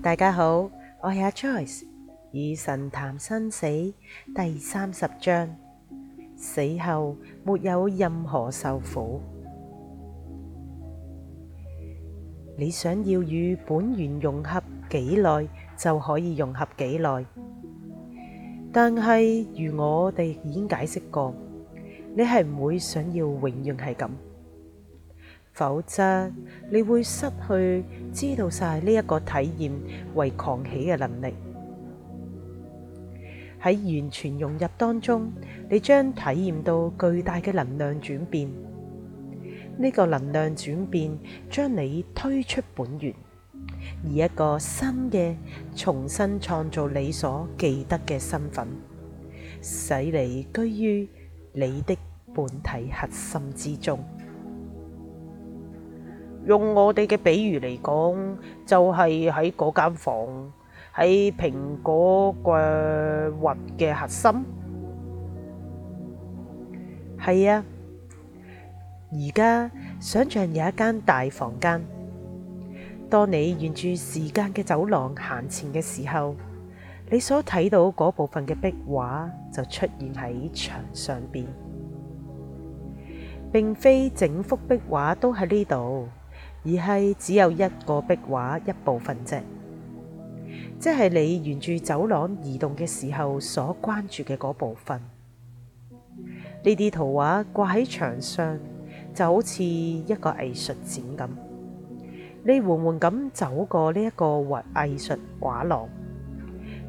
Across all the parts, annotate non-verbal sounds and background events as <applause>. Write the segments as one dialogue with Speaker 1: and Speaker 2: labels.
Speaker 1: 大家好，我係阿 Joyce，與神談生死，第三十章，死後沒有任何受苦。你想要與本源融合幾耐，就可以融合幾耐。但係如我哋已經解釋過，你係唔會想要永遠係咁。否則你會失去知道晒呢一個體驗為狂喜嘅能力。喺完全融入當中，你將體驗到巨大嘅能量轉變。呢、這個能量轉變將你推出本源，以一個新嘅重新創造你所記得嘅身份，使你居於你的本體核心之中。用我哋嘅比喻嚟講，就係喺嗰間房，喺蘋果嘅核嘅核心。係啊，而家想象有一間大房間。當你沿住時間嘅走廊行前嘅時候，你所睇到嗰部分嘅壁畫就出現喺牆上面，並非整幅壁畫都喺呢度。而係只有一個壁畫一部分啫，即係你沿住走廊移動嘅時候所關注嘅嗰部分。呢啲圖畫掛喺牆上，就好似一個藝術展咁。你緩緩咁走過呢一個畫藝術畫廊，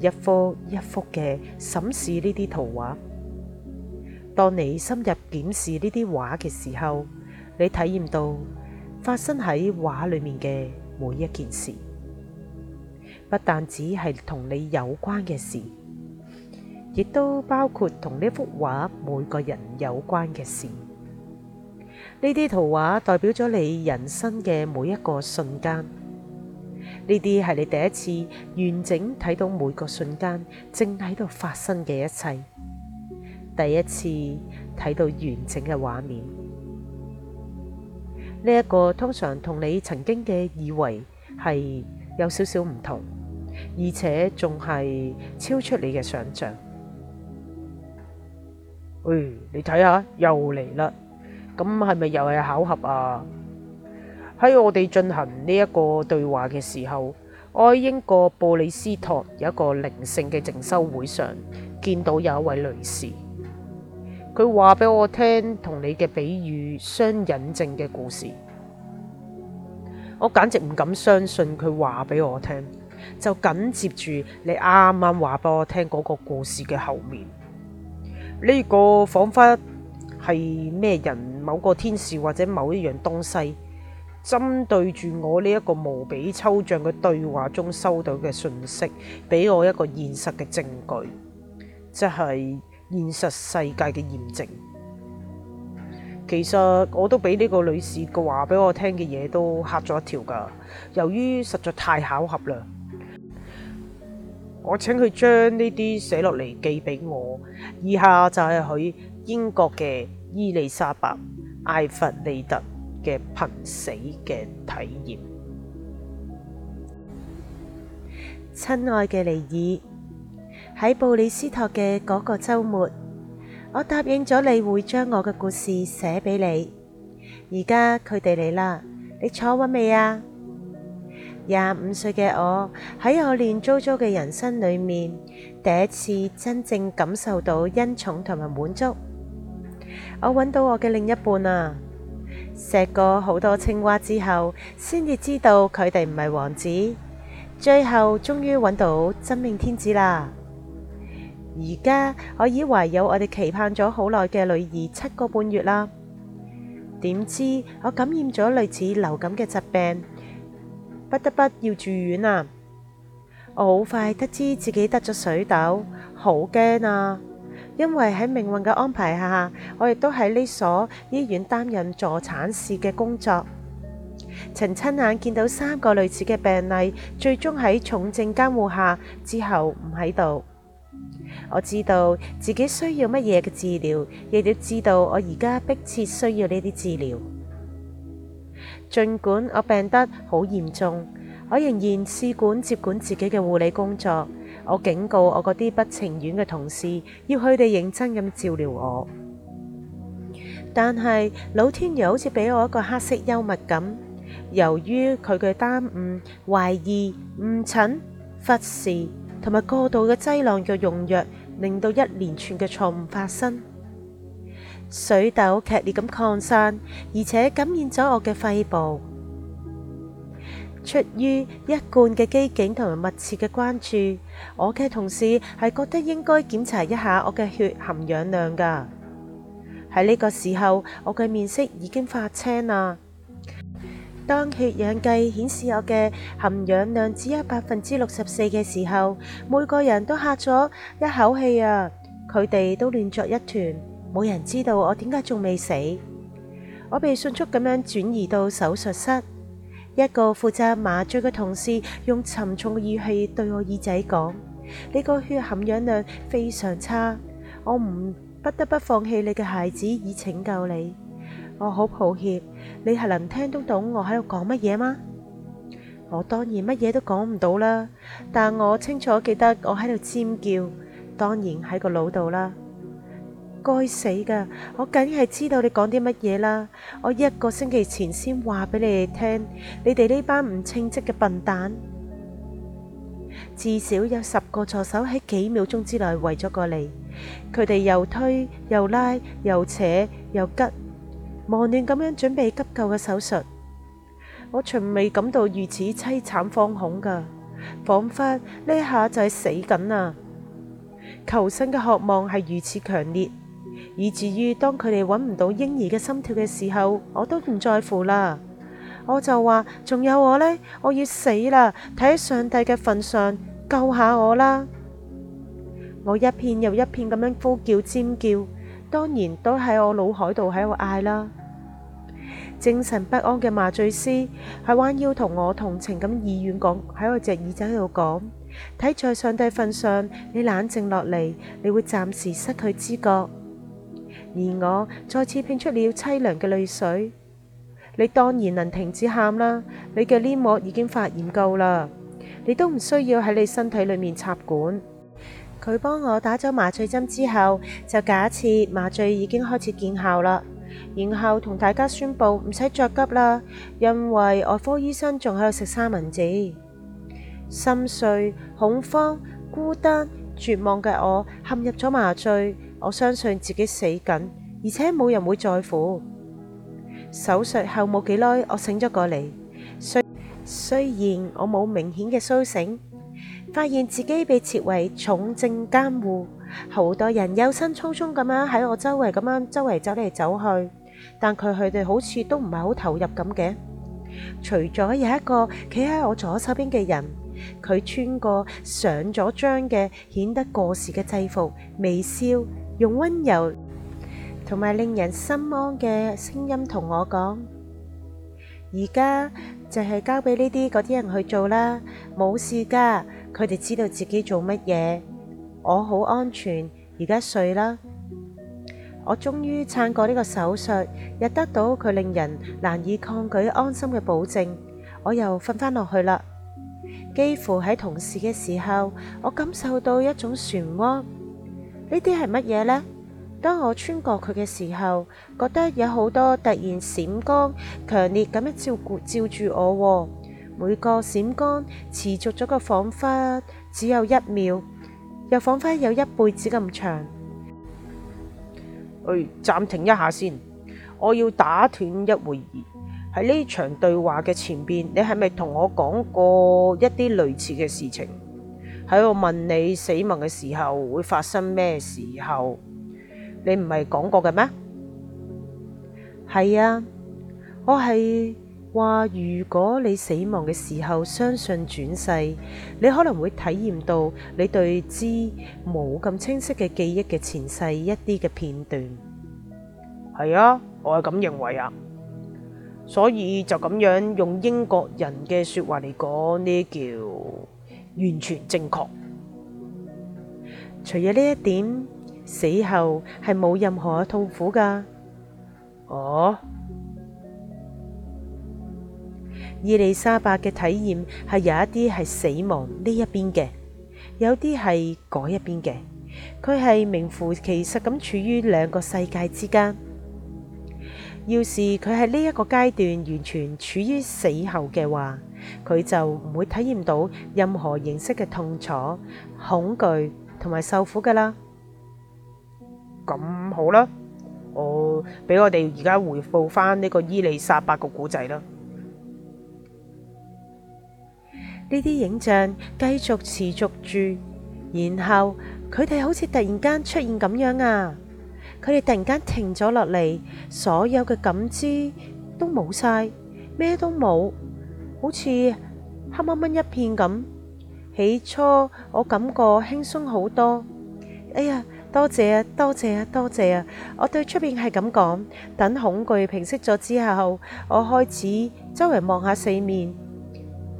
Speaker 1: 一幅一幅嘅審視呢啲圖畫。當你深入檢視呢啲畫嘅時候，你體驗到。發生喺畫裏面嘅每一件事，不但只係同你有關嘅事，亦都包括同呢幅畫每個人有關嘅事。呢啲圖畫代表咗你人生嘅每一個瞬間。呢啲係你第一次完整睇到每個瞬間正喺度發生嘅一切，第一次睇到完整嘅畫面。呢一個通常同你曾經嘅以為係有少少唔同，而且仲係超出你嘅想像。 <noise> 哎，你睇下又嚟啦，咁係咪又係巧合啊？喺 <noise> <noise> 我哋進行呢一個對話嘅時候，我喺英國布里斯托有一個靈性嘅靜修會上，見到有一位女士。佢話俾我聽，同你嘅比喻相引證嘅故事，我簡直唔敢相信。佢話俾我聽，就緊接住你啱啱話俾我聽嗰個故事嘅後面，呢個仿佛係咩人、某個天使或者某一樣東西，針對住我呢一個無比抽象嘅對話中收到嘅信息，俾我一個現實嘅證據，即係。現實世界嘅驗證，其實我都俾呢個女士嘅話俾我聽嘅嘢都嚇咗一跳噶。由於實在太巧合啦，我請佢將呢啲寫落嚟寄畀我。以下就係佢英國嘅伊麗莎白艾弗利特嘅瀕死嘅體驗。親愛嘅尼爾。喺布里斯托嘅嗰個周末，我答應咗你會將我嘅故事寫畀你。而家佢哋嚟啦，你坐穩未啊？廿五歲嘅我喺我亂糟糟嘅人生裏面，第一次真正感受到恩寵同埋滿足。我揾到我嘅另一半啊，錫過好多青蛙之後，先至知道佢哋唔係王子。最後終於揾到真命天子啦！而家我已懷有我哋期盼咗好耐嘅女兒七個半月啦，點知我感染咗類似流感嘅疾病，不得不要住院啊！我好快得知自己得咗水痘，好驚啊！因為喺命運嘅安排下，我亦都喺呢所醫院擔任助產士嘅工作，曾親眼見到三個類似嘅病例，最終喺重症監護下之後唔喺度。我知道自己需要乜嘢嘅治療，亦都知道我而家迫切需要呢啲治療。儘管我病得好嚴重，我仍然試管接管自己嘅護理工作。我警告我嗰啲不情願嘅同事，要佢哋認真咁照料我。但係老天爺好似俾我一個黑色幽默咁，由於佢嘅耽誤、懷疑、誤診、忽視。同埋過度嘅劑量嘅用藥，令到一連串嘅錯誤發生。水痘劇烈咁擴散，而且感染咗我嘅肺部。出於一貫嘅機警同埋密切嘅關注，我嘅同事係覺得應該檢查一下我嘅血含氧量噶。喺呢個時候，我嘅面色已經發青啦。當血氧計顯示我嘅含氧量只有百分之六十四嘅時候，每個人都吓咗一口氣啊！佢哋都亂作一團，冇人知道我點解仲未死。我被迅速咁樣轉移到手術室，一個負責麻醉嘅同事用沉重嘅語氣對我耳仔講：「你個血含氧量非常差，我唔不得不放棄你嘅孩子以拯救你。我好抱歉，你係能聽得懂我喺度講乜嘢嗎？我當然乜嘢都講唔到啦，但我清楚記得我喺度尖叫，當然喺個腦度啦。該死噶，我梗係知道你講啲乜嘢啦。我一個星期前先話俾你哋聽，你哋呢班唔稱職嘅笨蛋。至少有十個助手喺幾秒鐘之內圍咗過嚟，佢哋又推又拉又扯又吉。又忙亂咁樣準備急救嘅手術，我從未感到如此凄慘、惶恐噶，仿佛呢下就係死緊啦！求生嘅渴望係如此強烈，以至於當佢哋揾唔到嬰兒嘅心跳嘅時候，我都唔在乎啦。我就話仲有我呢，我要死啦！睇喺上帝嘅份上，救下我啦！我一片又一片咁樣呼叫尖叫，當然都喺我腦海度喺度嗌啦。精神不安嘅麻醉師喺彎腰同我同情咁意願講，喺我隻耳仔度講，睇在上帝份上，你冷靜落嚟，你會暫時失去知覺。而我再次拼出了淒涼嘅淚水。你當然能停止喊啦，你嘅黏膜已經發炎夠啦，你都唔需要喺你身體裏面插管。佢幫我打咗麻醉針之後，就假設麻醉已經開始見效啦。然後同大家宣布唔使着急啦，因為外科醫生仲喺度食三文治。心碎、恐慌、孤單、絕望嘅我陷入咗麻醉，我相信自己死緊，而且冇人會在乎。手術後冇幾耐，我醒咗過嚟，雖雖然我冇明顯嘅蘇醒，發現自己被設為重症監護。好多人憂心忡忡咁樣喺我周圍咁樣周圍走嚟走去，但佢佢哋好似都唔係好投入咁嘅。除咗有一個企喺我左手邊嘅人，佢穿過上咗漿嘅顯得過時嘅制服，微笑用温柔同埋令人心安嘅聲音同我講：而家就係交俾呢啲嗰啲人去做啦，冇事㗎，佢哋知道自己做乜嘢。我好安全，而家睡啦。我終於撐過呢個手術，又得到佢令人難以抗拒安心嘅保證。我又瞓翻落去啦。幾乎喺同事嘅時候，我感受到一種漩渦。呢啲係乜嘢呢？當我穿過佢嘅時候，覺得有好多突然閃光，強烈咁樣照顧照住我。每個閃光持續咗個，仿佛只有一秒。又仿佛有一輩子咁長。誒、哎，暫停一下先，我要打斷一會兒。喺呢場對話嘅前邊，你係咪同我講過一啲類似嘅事情？喺我問你死亡嘅時候會發生咩時候？你唔係講過嘅咩？係啊，我係。話如果你死亡嘅時候相信轉世，你可能會體驗到你對之冇咁清晰嘅記憶嘅前世一啲嘅片段。係啊，我係咁認為啊。所以就咁樣用英國人嘅說話嚟講，呢叫完全正確。除咗呢一點，死後係冇任何痛苦㗎。哦。伊麗莎白嘅體驗係有一啲係死亡呢一邊嘅，有啲係嗰一邊嘅，佢係名副其實咁處於兩個世界之間。要是佢喺呢一個階段完全處於死後嘅話，佢就唔會體驗到任何形式嘅痛楚、恐懼同埋受苦噶啦。咁好啦，我俾我哋而家回復翻呢個伊麗莎白個古仔啦。呢啲影像繼續持續住，然後佢哋好似突然間出現咁樣啊！佢哋突然間停咗落嚟，所有嘅感知都冇晒，咩都冇，好似黑掹掹一片咁。起初我感覺輕鬆好多，哎呀，多謝啊，多謝啊，多謝啊！多謝啊，我對出面係咁講。等恐懼平息咗之後，我開始周圍望下四面。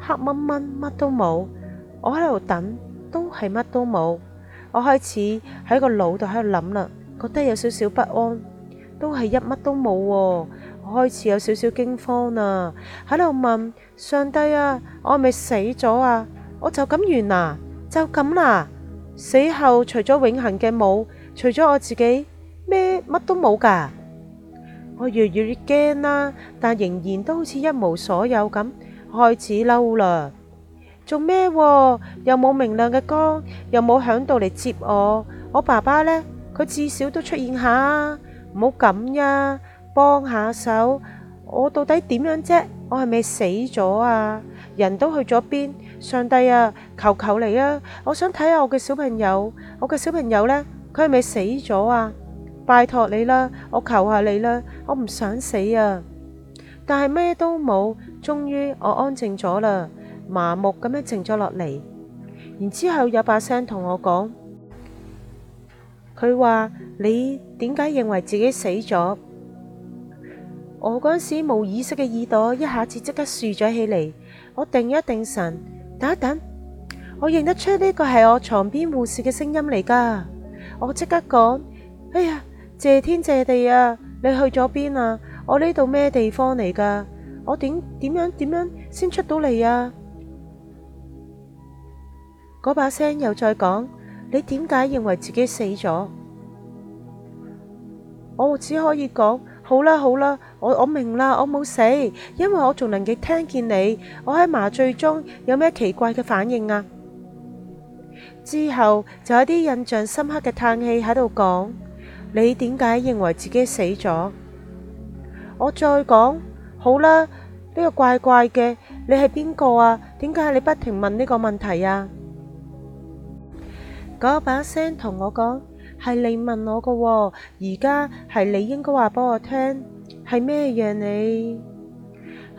Speaker 1: 黑蚊蚊乜都冇，我喺度等，都係乜都冇。我開始喺個腦度喺度諗啦，覺得有少少不安，都係一乜都冇。我開始有少少驚慌啦、啊，喺度問上帝啊，我係咪死咗啊？我就咁完啦，就咁啦。死後除咗永恒嘅冇，除咗我自己咩乜都冇噶。我越越驚啦、啊，但仍然都好似一無所有咁。開始嬲啦！做咩？又冇明亮嘅光，又冇響度嚟接我。我爸爸呢，佢至少都出現下。唔好咁呀，幫下手。我到底點樣啫？我係咪死咗啊？人都去咗邊？上帝啊，求求你啊！我想睇下我嘅小朋友，我嘅小朋友呢，佢係咪死咗啊？拜託你啦，我求下你啦，我唔想死啊！但係咩都冇。終於，終於我安靜咗啦，麻木咁樣靜咗落嚟。然之後有把聲同我講，佢話：你點解認為自己死咗？我嗰陣時冇意識嘅耳朵一下子即刻豎咗起嚟，我定一定神，等一等，我認得出呢個係我床邊護士嘅聲音嚟㗎。我即刻講：哎呀，謝天謝地啊！你去咗邊啊？我呢度咩地方嚟㗎？我點點樣點樣先出到嚟啊？嗰把聲又再講，你點解認為自己死咗？我只可以講，好啦好啦，我我明啦，我冇死，因為我仲能夠聽見你。我喺麻醉中有咩奇怪嘅反應啊？之後就有啲印象深刻嘅嘆氣喺度講，你點解認為自己死咗？我再講。好啦，呢個怪怪嘅，你係邊個啊？點解你不停問呢個問題啊？嗰把聲同我講，係你問我㗎喎。而家係你應該話俾我聽，係咩嘢你？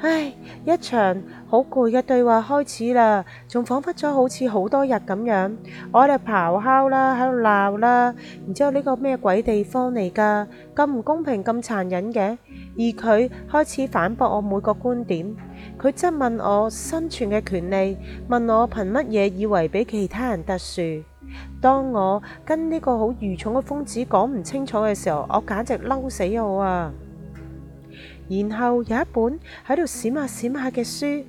Speaker 1: 唉，一場好攰嘅對話開始啦，仲仿佛咗好似好多日咁樣，我喺度咆哮啦，喺度鬧啦，然之後呢個咩鬼地方嚟噶？咁唔公平，咁殘忍嘅。而佢開始反駁我每個觀點，佢質問我生存嘅權利，問我憑乜嘢以為比其他人特殊。當我跟呢個好愚蠢嘅瘋子講唔清楚嘅時候，我簡直嬲死我啊！然後有一本喺度閃下閃下嘅書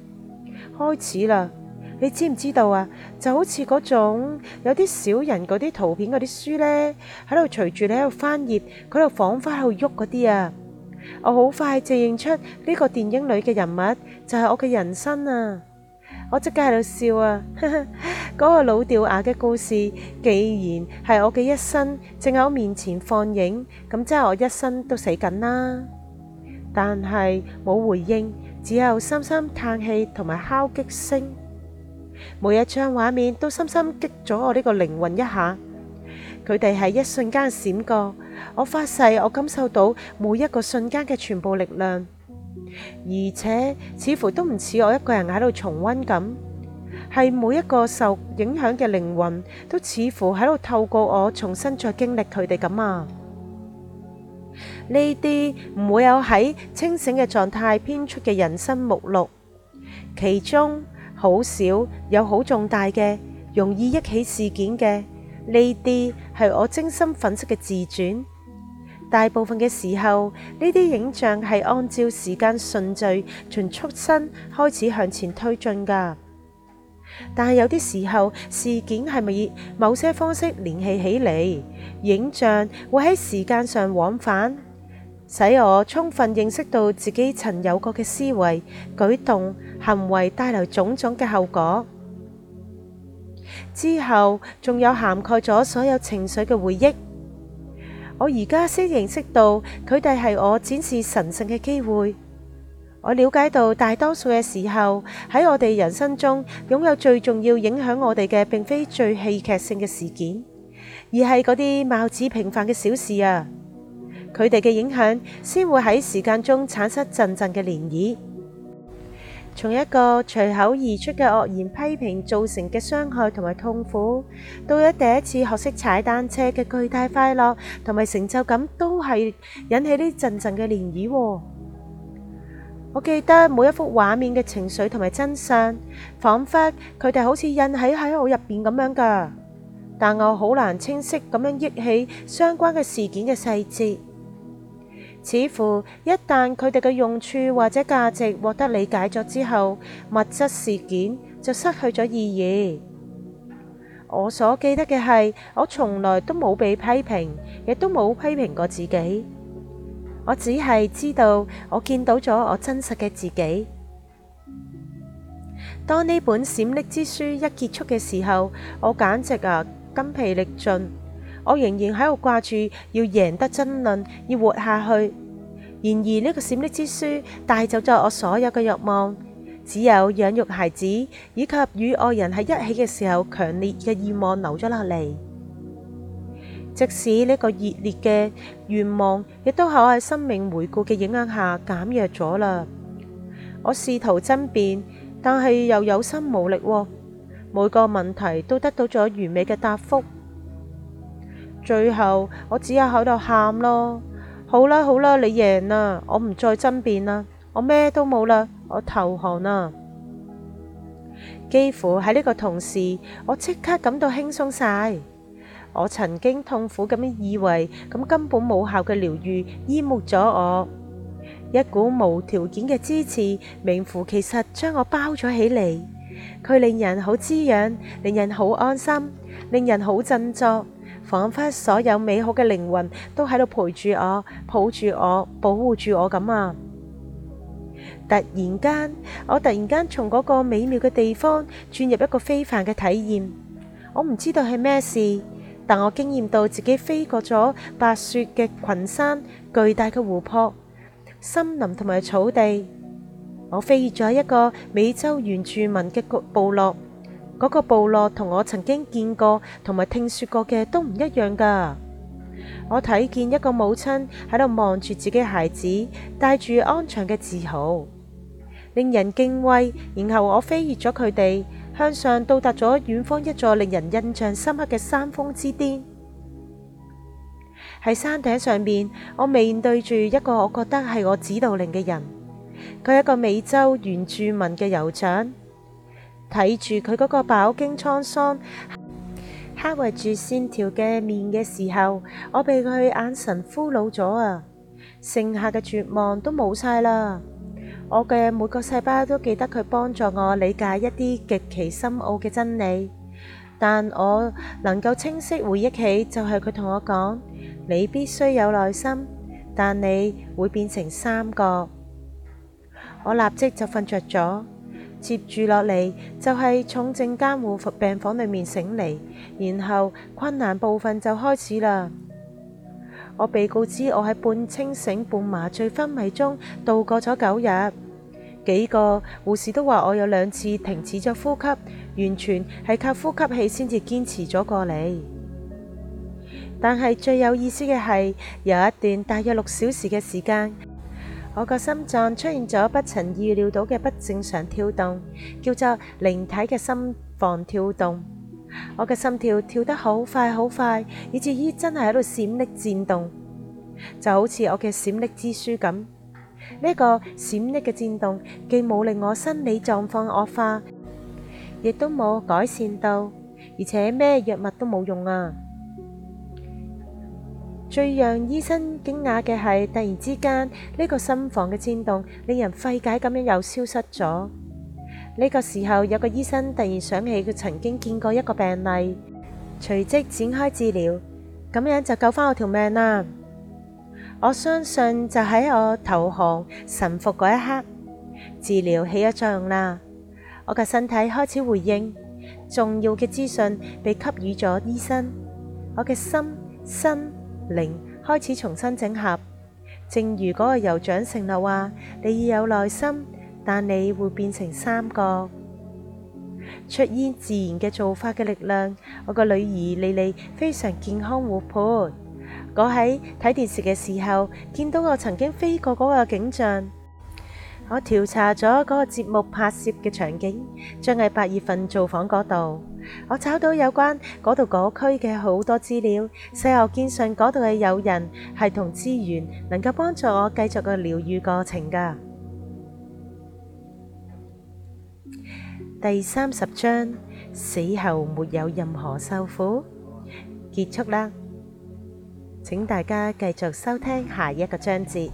Speaker 1: 開始啦，你知唔知道啊？就好似嗰種有啲小人嗰啲圖片嗰啲書呢，喺度隨住你喺度翻頁，佢又仿佛喺度喐嗰啲啊！我好快就認出呢個電影裏嘅人物就係我嘅人生啊！我即刻喺度笑啊！嗰、那個老掉牙嘅故事既然係我嘅一生正喺我面前放映，咁即係我一生都死緊啦！但係冇回應，只有深深嘆氣同埋敲擊聲，每一張畫面都深深激咗我呢個靈魂一下。佢哋係一瞬間閃過，我發誓我感受到每一個瞬間嘅全部力量，而且似乎都唔似我一個人喺度重溫咁，係每一個受影響嘅靈魂都似乎喺度透過我重新再經歷佢哋咁啊！呢啲唔會有喺清醒嘅狀態編出嘅人生目錄，其中好少有好重大嘅容易憶起事件嘅。呢啲係我精心粉飾嘅自傳，大部分嘅時候，呢啲影像係按照時間順序，從出生開始向前推進㗎。但係有啲時候，事件係咪以某些方式聯繫起嚟？影像會喺時間上往返，使我充分認識到自己曾有過嘅思維、舉動、行為帶來種種嘅後果。之後仲有涵蓋咗所有情緒嘅回憶，我而家先認識到佢哋係我展示神聖嘅機會。我了解到大多數嘅時候喺我哋人生中擁有最重要影響我哋嘅並非最戲劇性嘅事件，而係嗰啲貌似平凡嘅小事啊。佢哋嘅影響先會喺時間中產生陣陣嘅漣漪。從一個隨口而出嘅惡言批評造成嘅傷害同埋痛苦，到咗第一次學識踩單車嘅巨大快樂同埋成就感，都係引起啲陣陣嘅漣漪。我記得每一幅畫面嘅情緒同埋真相，仿佛佢哋好似印喺喺我入邊咁樣噶，但我好難清晰咁樣憶起相關嘅事件嘅細節。似乎一旦佢哋嘅用處或者價值獲得理解咗之後，物質事件就失去咗意義。我所記得嘅係，我從來都冇被批評，亦都冇批評過自己。我只係知道，我見到咗我真實嘅自己。當呢本閃匿之書一結束嘅時候，我簡直啊，筋疲力盡。我仍然喺度掛住要贏得爭論，要活下去。然而呢個閃爍之書帶走咗我所有嘅慾望，只有養育孩子以及與愛人喺一起嘅時候強烈嘅願望留咗落嚟。即使呢個熱烈嘅願望，亦都喺我喺生命回顧嘅影響下減弱咗啦。我試圖爭辯，但係又有心無力喎。每個問題都得到咗完美嘅答復。最後我只有喺度喊咯，好啦好啦，你贏啦，我唔再爭辯啦，我咩都冇啦，我投降啦。幾乎喺呢個同時，我即刻感到輕鬆晒。我曾經痛苦咁樣以為咁根本冇效嘅療愈淹沒咗我，一股無條件嘅支持，名副其實將我包咗起嚟。佢令人好滋養，令人好安心，令人好振作。仿彿所有美好嘅靈魂都喺度陪住我、抱住我、保護住我咁啊！突然間，我突然間從嗰個美妙嘅地方轉入一個非凡嘅體驗，我唔知道係咩事，但我經驗到自己飛過咗白雪嘅群山、巨大嘅湖泊、森林同埋草地，我飛越咗一個美洲原住民嘅部落。嗰個部落同我曾經見過同埋聽說過嘅都唔一樣㗎。我睇見一個母親喺度望住自己孩子，帶住安詳嘅自豪，令人敬畏。然後我飛越咗佢哋，向上到達咗遠方一座令人印象深刻嘅山峰之巔。喺山頂上面，我面對住一個我覺得係我指導令嘅人，佢係一個美洲原住民嘅酋長。睇住佢嗰個飽經滄桑、刻劃住線條嘅面嘅時候，我被佢眼神俘虜咗啊！剩下嘅絕望都冇晒啦。我嘅每個細胞都記得佢幫助我理解一啲極其深奧嘅真理，但我能夠清晰回憶起就，就係佢同我講：你必須有耐心，但你會變成三個。我立即就瞓着咗。接住落嚟就喺重症監護病房裏面醒嚟，然後困難部分就開始啦。我被告知我喺半清醒半麻醉昏迷中度過咗九日，幾個護士都話我有兩次停止咗呼吸，完全係靠呼吸器先至堅持咗過嚟。但係最有意思嘅係有一段大約六小時嘅時間。我個心臟出現咗不曾意料到嘅不正常跳動，叫做靈體嘅心房跳動。我嘅心跳跳得好快好快，以至於真係喺度閃匿顫動，就好似我嘅閃匿之書咁。呢、這個閃匿嘅顫動既冇令我生理狀況惡化，亦都冇改善到，而且咩藥物都冇用啊！最讓醫生驚訝嘅係，突然之間呢個心房嘅顫動令人費解，咁樣又消失咗。呢個時候有個醫生突然想起佢曾經見過一個病例，隨即展開治療，咁樣就救翻我條命啦。我相信就喺我投降、臣服嗰一刻，治療起咗作用啦。我嘅身體開始回應，重要嘅資訊被給予咗醫生，我嘅心身零開始重新整合，正如嗰個酋長承諾話，你要有耐心，但你會變成三個，出現自然嘅做法嘅力量。我個女兒莉莉非常健康活潑。我喺睇電視嘅時候，見到我曾經飛過嗰個景象。我調查咗嗰個節目拍攝嘅場景，將喺八月份造訪嗰度，我找到有關嗰度嗰區嘅好多資料。死後見信嗰度嘅友人係同資源，能夠幫助我繼續個療癒過程噶。第三十章，死後沒有任何受苦。結束啦，請大家繼續收聽下一個章節。